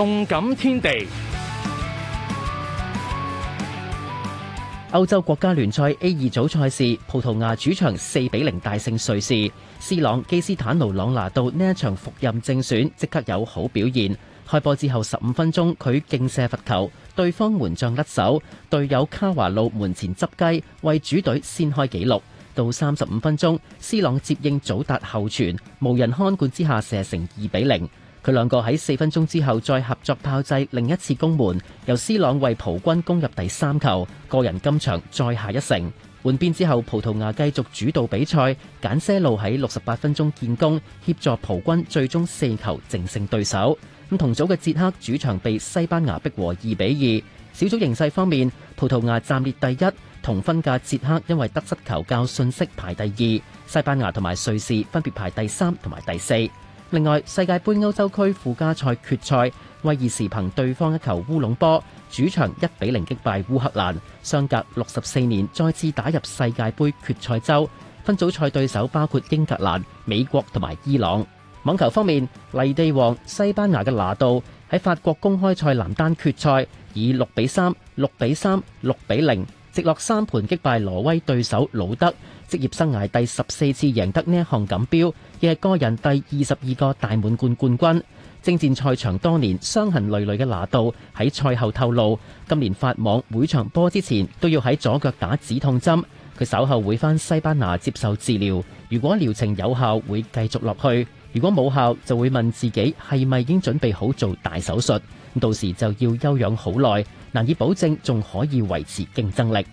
動感天地，歐洲國家聯賽 A 二組賽事，葡萄牙主場四比零大勝瑞士。斯朗基斯坦奴朗拿度呢一場復任正選，即刻有好表現。開波之後十五分鐘，佢勁射罰球，對方門將甩手，隊友卡華路門前執雞，為主隊先開紀錄。到三十五分鐘，斯朗接應祖達後傳，無人看管之下射成二比零。佢兩個喺四分鐘之後再合作炮製另一次攻門，由 C 朗為葡軍攻入第三球，個人今場再下一城。換邊之後，葡萄牙繼續主導比賽，簡些路喺六十八分鐘建功，協助葡軍最終四球淨勝對手。咁同組嘅捷克主場被西班牙逼和二比二。小組形勢方面，葡萄牙暫列第一，同分嘅捷克因為得失球較遜色排第二，西班牙同埋瑞士分別排第三同埋第四。另外，世界杯歐洲區附加賽決賽，威爾士憑對方一球烏龍波，主場一比零擊敗烏克蘭，相隔六十四年再次打入世界杯決賽周。分組賽對手包括英格蘭、美國同埋伊朗。網球方面，泥地王西班牙嘅拿度喺法國公開賽男單決賽，以六比三、六比三、六比零。直落三盤擊敗挪威對手魯德，職業生涯第十四次贏得呢一項錦標，亦係個人第二十二個大滿貫冠,冠軍。征戰賽場多年，傷痕累累嘅拿度喺賽後透露，今年法網每場波之前都要喺左腳打止痛針，佢稍後會翻西班牙接受治療，如果療程有效，會繼續落去。如果冇效，就會問自己係咪已經準備好做大手術，到時就要休養好耐，難以保證仲可以維持競爭力。